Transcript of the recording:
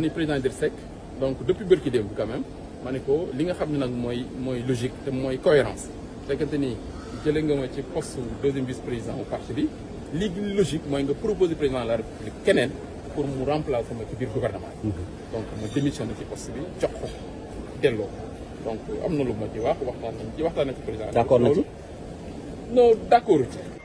ni président Idriss Seck donc depuis bërki démb quand même ma li nga xam ne nag mooy mooy logique te mooy cohérence fekkante ni jëlee nga ma ci poste deuxième vice président bu parti bi lii logique mooy nga proposer président de la république keneen pour mu remplacer ma ci biir gouvernement bi mhm. donc ma démissionné ci poste bi jox ko delloo donc am na lu ma ci wax waxtaan nañ ci waxtaan na ci président d'accord na ci non d'accord